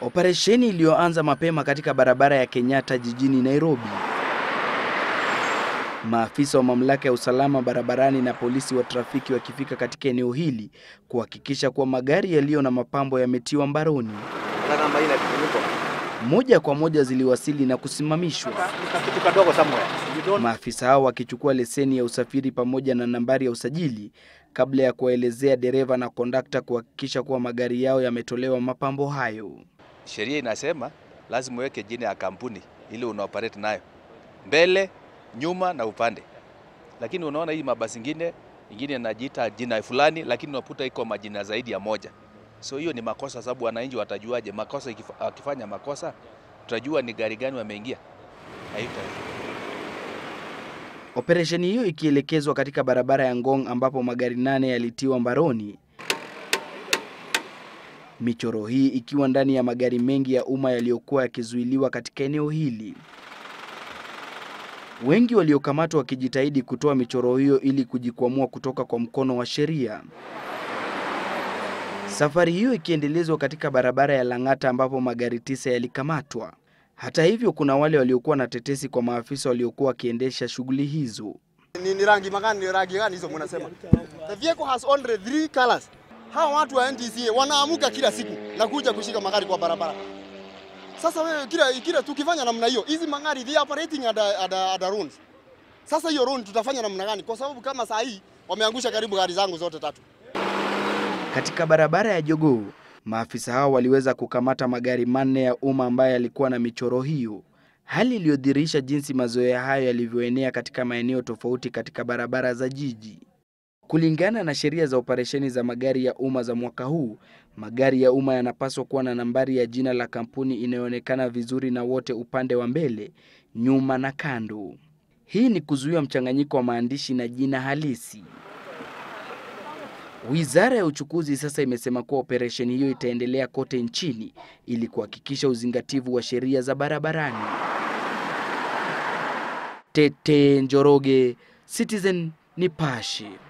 operesheni iliyoanza mapema katika barabara ya Kenyatta jijini Nairobi. Maafisa wa mamlaka ya usalama barabarani na polisi wa trafiki wakifika katika eneo hili kuhakikisha kuwa magari yaliyo na mapambo yametiwa mbaroni. Moja kwa moja ziliwasili na kusimamishwa, maafisa hao wakichukua leseni ya usafiri pamoja na nambari ya usajili kabla ya kuwaelezea dereva na kondakta kuhakikisha kuwa magari yao yametolewa mapambo hayo sheria inasema lazima uweke jina ya kampuni ili unaoperate nayo mbele, nyuma na upande. Lakini unaona hii mabasi ingine ingine inajiita jina fulani, lakini unaputa iko majina zaidi ya moja. So hiyo ni makosa, sababu wananchi watajuaje makosa? Akifanya makosa tutajua ni gari gani wameingia. Operesheni hiyo ikielekezwa katika barabara ya Ngong ambapo magari nane yalitiwa mbaroni michoro hii ikiwa ndani ya magari mengi ya umma yaliyokuwa yakizuiliwa katika eneo hili. Wengi waliokamatwa wakijitahidi kutoa michoro hiyo ili kujikwamua kutoka kwa mkono wa sheria. Safari hiyo ikiendelezwa katika barabara ya Lang'ata ambapo magari tisa yalikamatwa. Hata hivyo, kuna wale waliokuwa na tetesi kwa maafisa waliokuwa wakiendesha shughuli hizo. Ni rangi magani, rangi gani hizo mnasema? The vehicle has only three colors hawa watu wa NTSA wanaamuka kila siku na kuja kushika magari kwa barabara. Sasa wewe kila kila tukifanya namna hiyo, hizi magari they operating at a, at runs. Sasa hiyo run tutafanya namna gani? Kwa sababu kama saa hii wameangusha karibu gari zangu zote tatu. Katika barabara ya Jogoo, maafisa hao waliweza kukamata magari manne ya umma ambayo yalikuwa na michoro hiyo, hali iliyodhihirisha jinsi mazoea hayo yalivyoenea katika maeneo tofauti katika barabara za jiji. Kulingana na sheria za operesheni za magari ya umma za mwaka huu, magari ya umma yanapaswa kuwa na nambari ya jina la kampuni inayoonekana vizuri na wote upande wa mbele, nyuma na kando. Hii ni kuzuia mchanganyiko wa maandishi na jina halisi. Wizara ya Uchukuzi sasa imesema kuwa operesheni hiyo itaendelea kote nchini ili kuhakikisha uzingativu wa sheria za barabarani. Tete Njoroge, Citizen Nipashe.